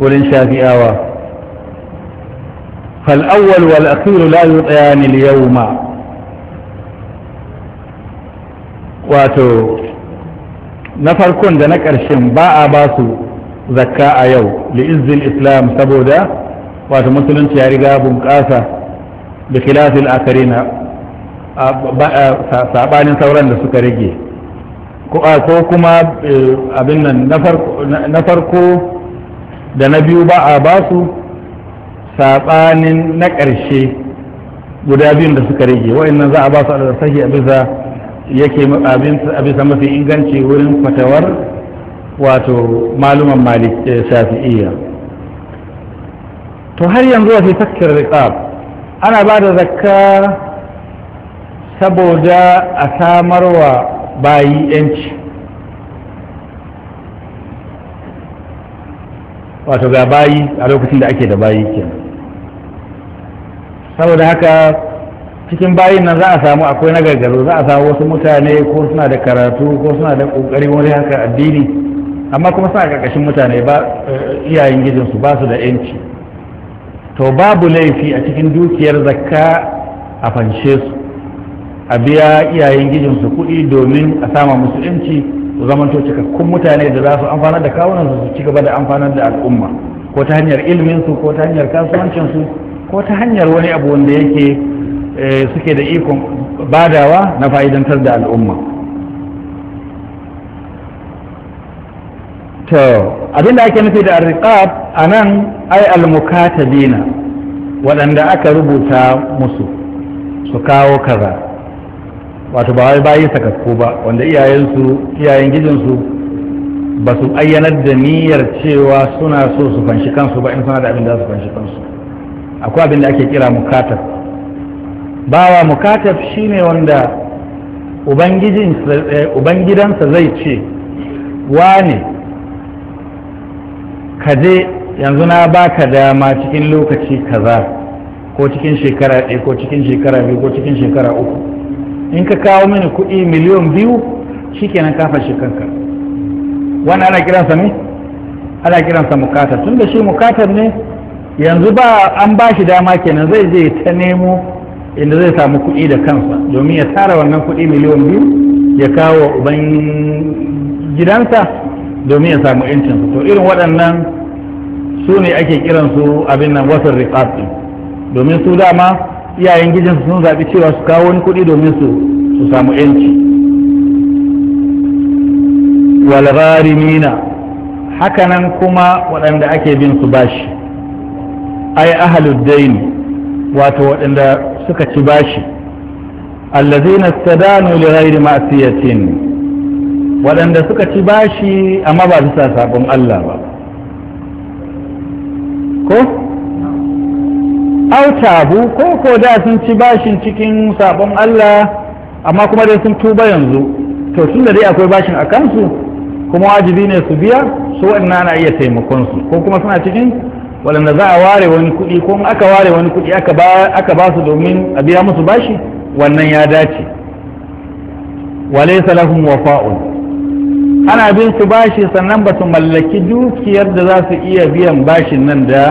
wurin shafi'awa فالأول والأخير لا يطيان اليوم wato na farkon da na ƙarshen ba a ba su zakka a yau li'izzin islam saboda wato musulunci ya riga bunƙasa da khilafil akarina sabanin sauran da suka rage ko kuma e, abin nan na farko da na biyu ba a ba su sabanin na ƙarshe guda biyun da suka rage wa'annan za a ba su a sahi a bisa yake bisa mafi inganci wurin fatawar wato maluman malik e, shafi'iyya to har yanzu wa fi fakkar riqab ana ba da zakka saboda a samarwa bayi yanci wato ga bayi a lokacin da ake da bayi ke saboda haka cikin bayin nan za a samu akwai na gargaro za a samu wasu mutane ko suna da karatu ko suna da kokari wani haka addini amma kuma suna karkashin mutane ba eh, iyayen gidansu ba su da yanci to babu laifi a cikin dukiyar zakka a fanshe su a biya iyayen gijinsu kuɗi domin a sama musulunci yanci su zamanto cikakkun mutane da za su amfanar da kawunan su ci gaba da amfanar da al'umma ko ta hanyar ilminsu ko ta hanyar kasuwancinsu ko ta hanyar wani abu wanda yake eh, suke da ikon badawa na fa'idantar da al'umma to abinda ake nufi da a anan ai almukatabina waɗanda aka rubuta musu su kawo kaza wato ba wai bayi sakakku ba wanda iyayensu iyayen gijinsu ba su ayyanar da niyyar cewa suna so su fanshi kansu ba in suna da abin da su fanshi kansu akwai abin da ake kira mukatab bawa mukatab shine wanda eh, ubangidansa zai ce wane ka je yanzu na baka dama cikin lokaci kaza ko cikin shekara ɗaya ko cikin shekara biyu ko cikin shekara uku in ka kawo mini kuɗi miliyon biyu shikenan ka fashe kanka wani ana kiransa ne ana kiransa mukata tun da shi mukatar ne yanzu ba an ba shi dama kenan zai je ta nemo inda zai samu kuɗi da kansa domin ya tara wannan kuɗi miliyon biyu ya kawo uban gidansa domin ya samu yancin to irin waɗannan su ne ake kiransu abin nan wasan riqab domin su dama iyayen gijinsu sun zaɓi cewa su kawo wani kuɗi domin su su samu yanci walgharimina hakanan kuma waɗanda ake bin su bashi ai ahalud wato waɗanda suka ci bashi allazina stadanu li ghairi ma'siyatin waɗanda suka ci bashi amma ba bisa sabon Allah ba ko autabu ko ko da sun ci bashin cikin sabon Allah amma kuma dai sun tuba yanzu to tun da dai akwai bashin a kansu kuma wajibi ne su biya su waɗanda ana iya taimakon su ko kuma suna cikin waɗanda za a ware wani kuɗi ko aka ware wani kuɗi aka ba su domin a biya musu bashi wannan ya dace wale salahun wafa'un ana bin su bashi sannan ba su mallaki dukiyar da za su iya biyan bashin nan da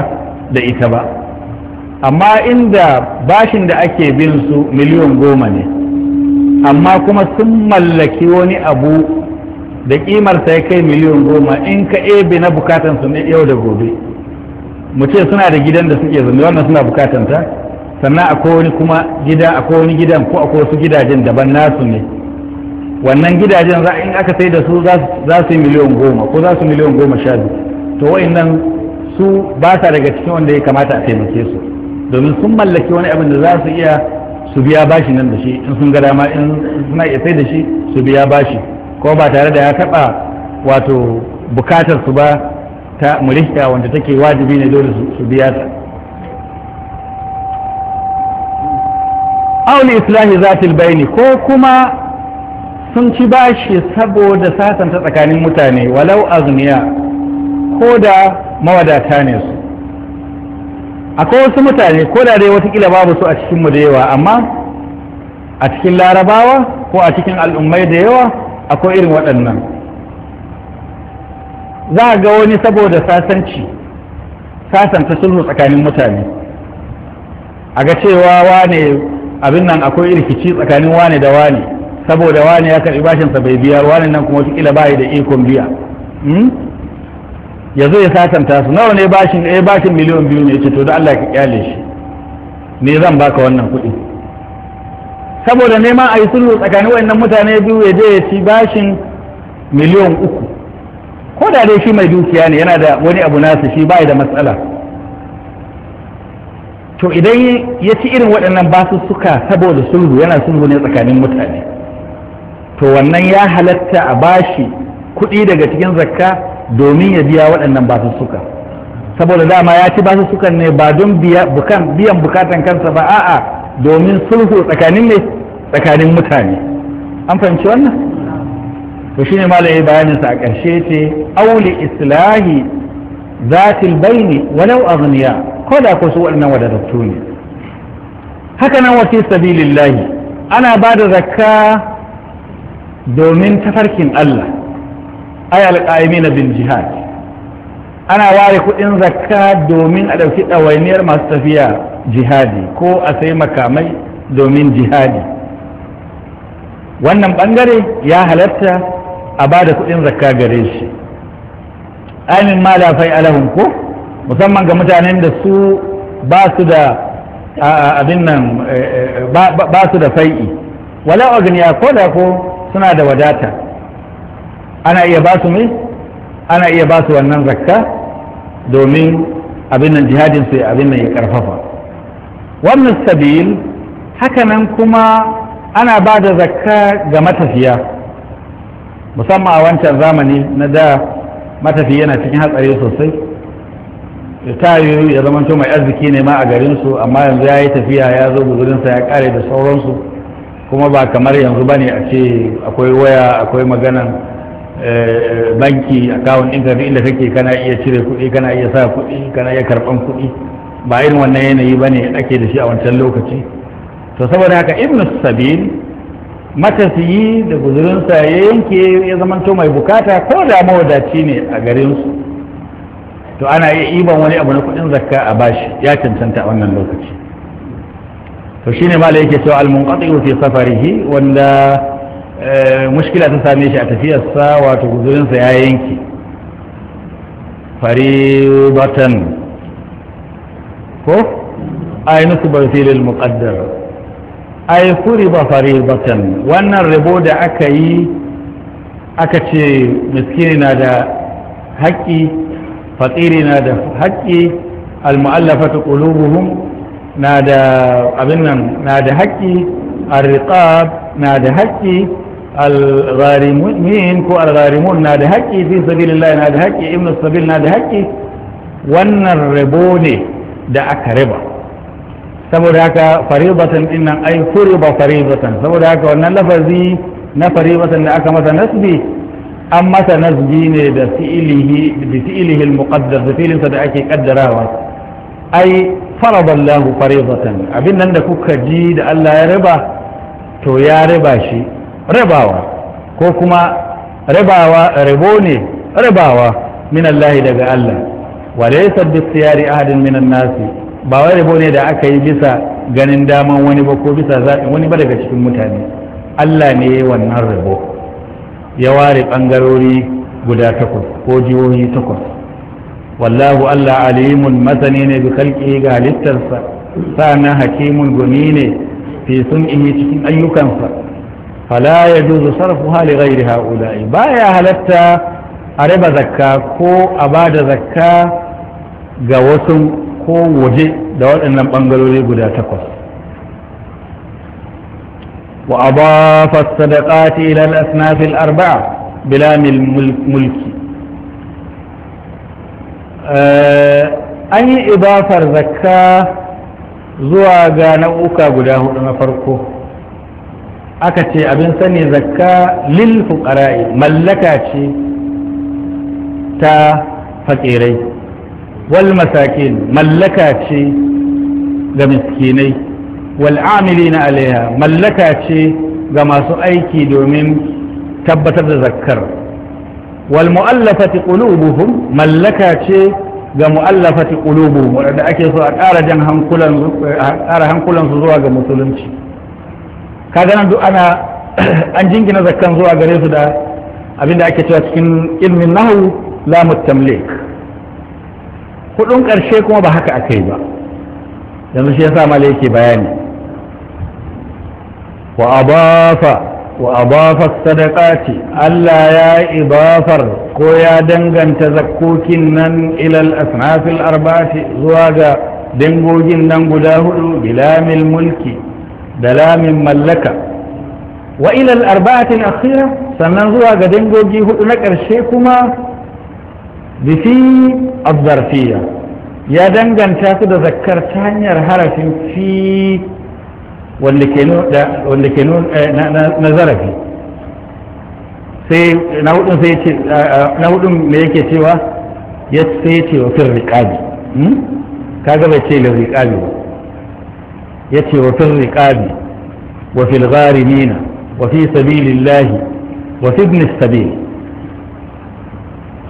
da ita ba amma inda bashin da ake bin su miliyon goma ne amma kuma sun mallaki wani abu da kimarsa ya kai miliyon goma in ka ebe na su ne yau da gobe mu suna da gidan da suke zama wannan suna bukatanta sannan akwai wani kuma gida akwai wani gidan ko akwai wasu gidajen daban nasu ne wannan gidajen za in aka sai da su za su yi miliyan goma ko za su miliyan goma sha biyu to nan su ba sa daga cikin wanda ya kamata a taimake su domin sun mallaki wani abin da za su iya su biya bashi nan da shi in sun ga dama in suna iya sai da shi su biya bashi ko ba tare da ya taɓa wato bukatar su ba ta mulkiya wanda take wajibi ne dole su biya ta auli islahi zatil bayni ko kuma sun ci bashi saboda sasanta tsakanin mutane walau azumiya ko da mawadata ne su akwai wasu mutane ko da dai watakila babu su a cikinmu da yawa amma a cikin larabawa ko a cikin al'ummai da yawa akwai irin waɗannan za a ga wani saboda sasanci sasanta sulhu tsakanin mutane a ga cewa wane abin nan akwai rikici tsakanin wane da wane saboda wani ya karɓi bashinsa bai biyar wani nan kuma wata bai da ikon biya hmm? ya zo ya satanta su nawa ne bashin eh bashin miliyan biyu ne ce to da Allah ka kyale shi ne zan baka wannan kuɗi saboda neman a yi sulhu tsakanin wayannan mutane biyu ya je ya ci bashin miliyan uku ko da dai shi mai dukiya ne yana da wani abu nasu shi bai da matsala to idan ya ci irin waɗannan basussuka saboda sulhu yana sulhu ne tsakanin mutane to wannan ya halatta a bashi kuɗi daga cikin zakka domin ya biya waɗannan basu suka saboda dama ya ci basu suka ne ba don biyan bukatan kansa ba a'a domin sulhu tsakanin ne tsakanin mutane an fahimci wannan to shine bayanin sa a ƙarshe ce auli islahi zatil baini walau aghniya ko da ko su waɗannan wadatattu ne haka nan wasi sabilillahi ana ba da zakka domin tafarkin Allah ay alqaimin bil jihad ana ware kudin zakka domin a dauki dawainiyar masu tafiya jihadi ko a sai makamai domin jihadi wannan bangare ya halatta a ba da kudin zakka gare shi amin ma da fai alahun ko musamman ga mutanen da su ba su da abin nan eh, eh, ba su da fai'i wala ogniya ko da ko suna da wadata ana iya ba su mai ana iya ba su wannan zakka domin abin nan jihadin su abin nan ya karfafa wannan sabil hakanan kuma ana ba da zakka ga matafiya musamman a wancan zamani na da matafiya yana cikin hatsari sosai ta ya zama mai arziki ne ma a garinsu amma yanzu ya yi tafiya ya zo guzurinsa ya kare da sauransu kuma ba kamar yanzu ba ne a ce akwai waya akwai maganan eh, banki akawun intanet inda kake kana iya cire kuɗi kana iya sa kuɗi kana iya karɓan kuɗi ba irin wannan yanayi ba ne ake da shi a wancan lokaci to saboda haka ibn sabil matasiyi da guzurinsa ya yanke ya zamanto mai bukata ko da mawadaci ne a garinsu to ana iya iban wani abu na kuɗin zakka a bashi ya cancanta a wannan lokaci to shine malai yake cewa al-munqati fi safarihi wanda eh, mushkila ta same shi a tafiyarsa wato guzurin sa ya yanki faribatan ko ainihu basilil muqaddar ay furiba faribatan wannan rabo da aka yi aka ce miskini na da haƙƙi faƙiri na da haƙƙi al-mu'allafatu qulubuhum na da abin nan na da haƙƙi arriqab na da haƙƙi al-gharimin ko al-gharimun na da haƙƙi fi sabilillah na da haƙƙi ibn sabil na da haƙƙi wannan rabo ne da aka riba saboda haka faribatan din nan ai furiba faribatan saboda haka wannan lafazi na faribatan da aka masa nasbi an masa nasbi ne da fi'ilihi bi fi'ilihi al-muqaddas da fi'ilinsa da ake kaddarawa ai faradallahu faridatan abin nan da kuka ji da Allah ya riba to ya riba shi ribawa ko kuma ribawa ribo ne ribawa min Allah daga Allah wa laysa bisiyari ahadin minan nasi ba wai ribo ne da aka yi bisa ganin daman wani ba ko bisa zaɓin wani ba daga cikin mutane Allah ne wannan ribo ya ware bangarori guda takwas ko jihohi takwas والله ألا عليم مثنين بخلقه قال ترسى فأنا حكيم جنين في سنئه تكين أي كنف فلا يجوز صرفها لغير هؤلاء بايا هلتا أربا ذكا كو أباد ذكا قوسم كو وجه دوال إن لم أنقلوا لي قدا تقص وأضاف الصدقات إلى الأسناف الأربعة بلام الملك ملكي Eh, an yi ibafar zakka zuwa ga na'uka guda hudu na farko aka ce abin sani zakka lil fuqara'i mallaka ce ta fakirai wal masakin mallaka ce ga miskinai wal amilina alaiha mallaka ce ga masu aiki domin tabbatar da zakkar wal mu'allafati qulubuhum mallaka ce ga mu'allafati qulubuhum wanda ake so a ƙara jan hankulan ƙara hankulan su zuwa ga musulunci kaga nan duk ana an jingina zakkan zuwa gare su da abinda ake cewa cikin ilmin nahwu la mutamlik kudin ƙarshe kuma ba haka aka yi ba yanzu shi yasa malai yake bayani wa abafa wa abafar sadaqati Allah ya ibafar ko ya danganta zakkokin nan ilal asnafil arba'ati zuwa ga dangogin nan guda hudu bilamil mulki da lamin mallaka wa ilal arba'atin akhira sannan zuwa ga dangogi hudu na ƙarshe kuma bifi azzarfiya ya danganta su da zakkar ta hanyar harafin fi wanda ke eh, na zarafi sai na hudun sai ce eh, eh, na hudun me yake cewa ya sai ce wa fir riqabi hmm? ka ga bai ce lil riqabi ba ya ce wa fir riqabi wa fil gharimina wa fi sabilillahi wa fi ibn sabil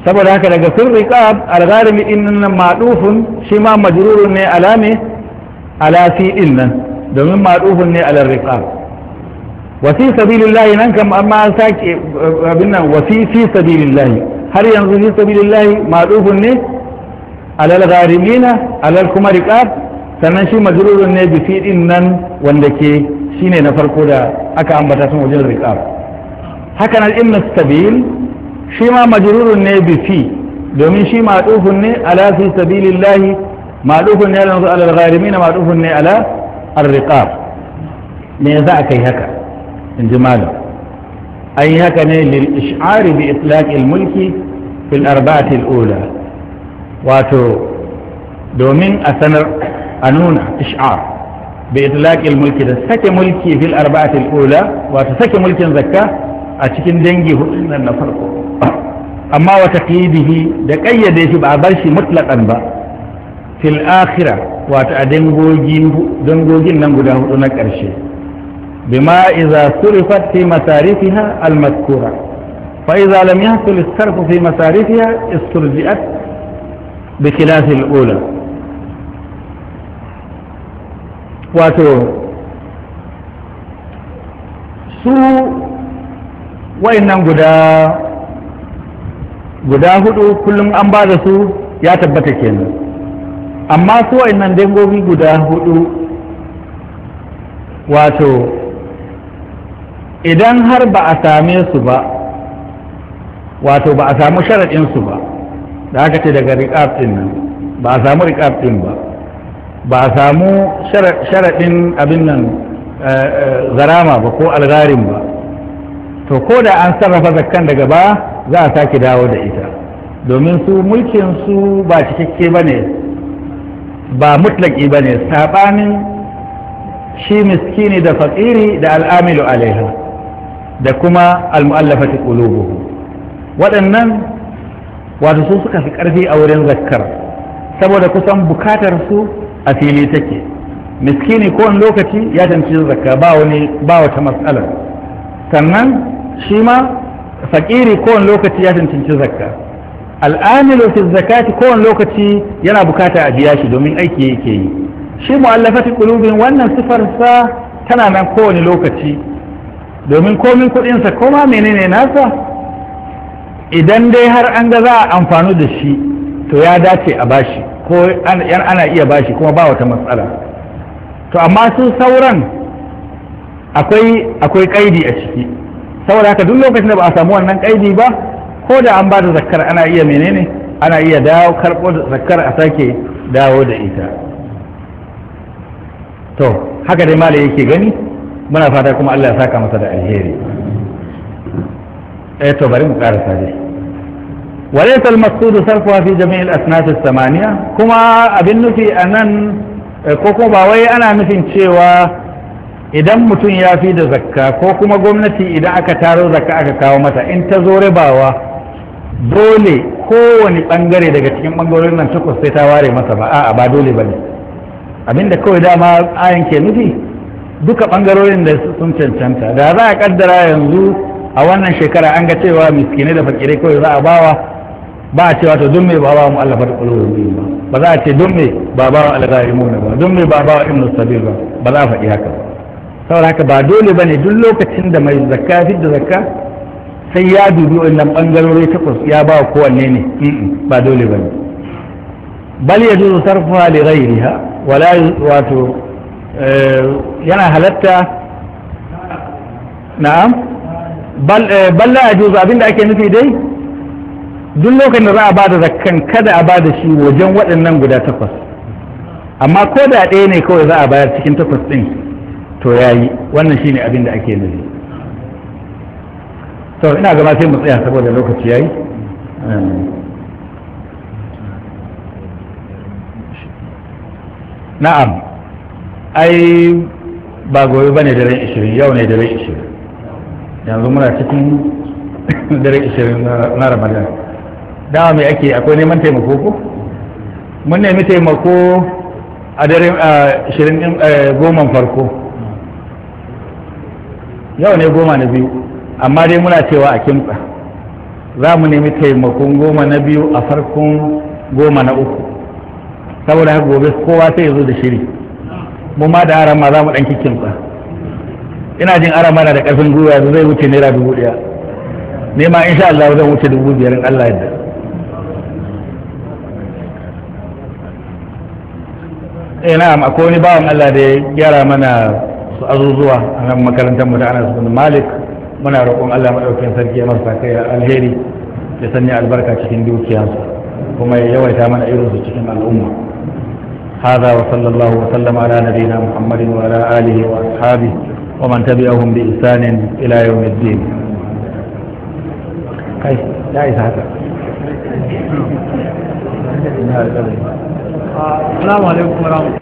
saboda haka daga fir riqab al gharimi innan madufun shi ma majrurun ne alame ala fi nan domin maɗufin ne alar rifa wasi sabilillahi nan kam amma sake abin nan wasi fi sabilillahi har yanzu fi sabilillahi maɗufin ne alal gharimina alal kuma riqab sannan shi majrurun ne bi fi'in nan wanda ke shi ne na farko da aka ambata sun wajen riqab haka nan inna sabil shi ma majrurun ne bi fi domin shi maɗufin ne ala fi sabilillahi maɗufin ne ala alal gharimina maɗufin ne ala الرقاب me yasa aka yi haka in ji malam an yi haka ne lil ish'ari bi itlaq al mulki fil arba'ati al ula wato domin a sanar a nuna ish'ar bi itlaq al mulki da sake mulki fil arba'ati al ula wato sake mulkin zakka a cikin dangi hudun nan na farko amma wa taqidihi da kayyade shi ba a bar shi mutlaqan ba fil akhirah Wata a dangogin nan guda hudu na ƙarshe bima iza surifat fi masarifiha al-mazkura fa iza lam yahsul istarfu fi masarifiha isturji'at bi khilaf al-ula wato su wayannan guda guda hudu kullum an ba da su ya tabbata kenan amma su wa'annan dangobi guda hudu wato idan har ba a same su ba wato ba a samu sharaɗinsu ba da aka ce daga riƙaf nan ba a samu riƙaf ba ba a samu sharaɗin abin nan eh, eh, zarama ba ko algarin ba to ko da an sarrafa zakkan daga ba za a sake dawo da ita domin su mulkin su ba cikakke ba ne ba mutlaki ba ne saɓanin shi miskini da faƙiri da al'amilu alaiha da kuma al'mu'allafati ƙulubu waɗannan wato su suka fi ƙarfi a wurin zakkar saboda kusan bukatar su a fili take miskini kowane lokaci ya tamci zakka ba wani ba wata matsala sannan shi ma faƙiri kowane lokaci ya tamci zakka al'amilu fi zakati kowane lokaci yana bukata a biya shi domin aiki yake yi shi mu'allafati qulubin wannan sifar sa tana nan kowane lokaci domin komin kudin sa koma menene nasa idan dai har an ga za a amfanu da shi to ya dace a bashi ko ana iya bashi kuma ba wata matsala to amma su sauran akwai akwai kaidi a ciki saboda haka duk lokacin da ba a samu wannan kaidi ba ko da an ba da zakkar ana iya menene ana iya dawo karɓo da zakkar a sake dawo da ita to haka dai mala yake gani muna fata kuma Allah ya saka masa da alheri eh to bari mu karasa dai وليس المقصود صرفها في جميع الأسناف الثمانية كما أبن في أنن ko kuma ba wai ana nufin cewa idan mutum ya fi da zakka ko kuma gwamnati idan aka taro zakka aka kawo mata in ta zo ribawa dole kowane bangare daga cikin bangarorin nan takwas sai ta ware masa ba a'a ba dole ba ne abinda kawai dama ayan ke nufi duka bangarorin da sun cancanta da za a kaddara yanzu a wannan shekara an ga cewa miskinai da fakire kawai za a bawa ba a cewa to don me ba bawa mu'allafa Allah fata kulubun ba ba za a ce don me ba bawa wa al ba don me ba bawa wa ibn sabil ba ba za a faɗi haka saboda haka ba dole ba ne duk lokacin da mai zakka fi da zakka sai ya dubi wannan bangarori takwas ya ba kowanne ne ba dole ba ne bal ya juzu sarfa li ghairiha wala wato eh, yana halatta na'am bal eh, la yajuzu abinda ake nufi dai duk lokacin da za a bada zakkan kada a bada shi wajen waɗannan guda takwas amma ko da ɗaya ne kawai za a bayar cikin takwas ɗin to yayi wannan shine abinda ake nufi to ina gama sai mu tsaya saboda lokaci yayi na'am ai ba gobe bane daren 20 yau ne daren 20 yanzu muna cikin daren 20 na ramadan dama mai ake akwai neman taimako ko mun nemi taimako a daren 20 eh, goma farko yau ne goma na biyu amma dai muna cewa a kimtsa za mu nemi taimakon goma na biyu a farkon goma na uku saboda haka gobe kowa sai ya zo da shiri mu ma da arama za mu ɗanki kimsa ina jin arama na da ƙarfin gwiwa yanzu zai wuce naira dubu ɗaya nema insha Allah zan wuce dubu biyar in Allah yadda eh na'am akwai wani bawan Allah da ya gyara mana su azuzuwa a nan makarantar mu da ana bin Malik muna roƙon Allah madaukakin sarki ya masa kai alheri ya sanya albarka cikin dukiyarsa kuma ya yawaita mana irin su cikin al'umma hada wa sallallahu wa sallama ala nabiyina muhammadin wa ala alihi wa ashabi wa man tabi'ahum bi ihsanin ila yawmiddin kai ya isa haka السلام عليكم ورحمة الله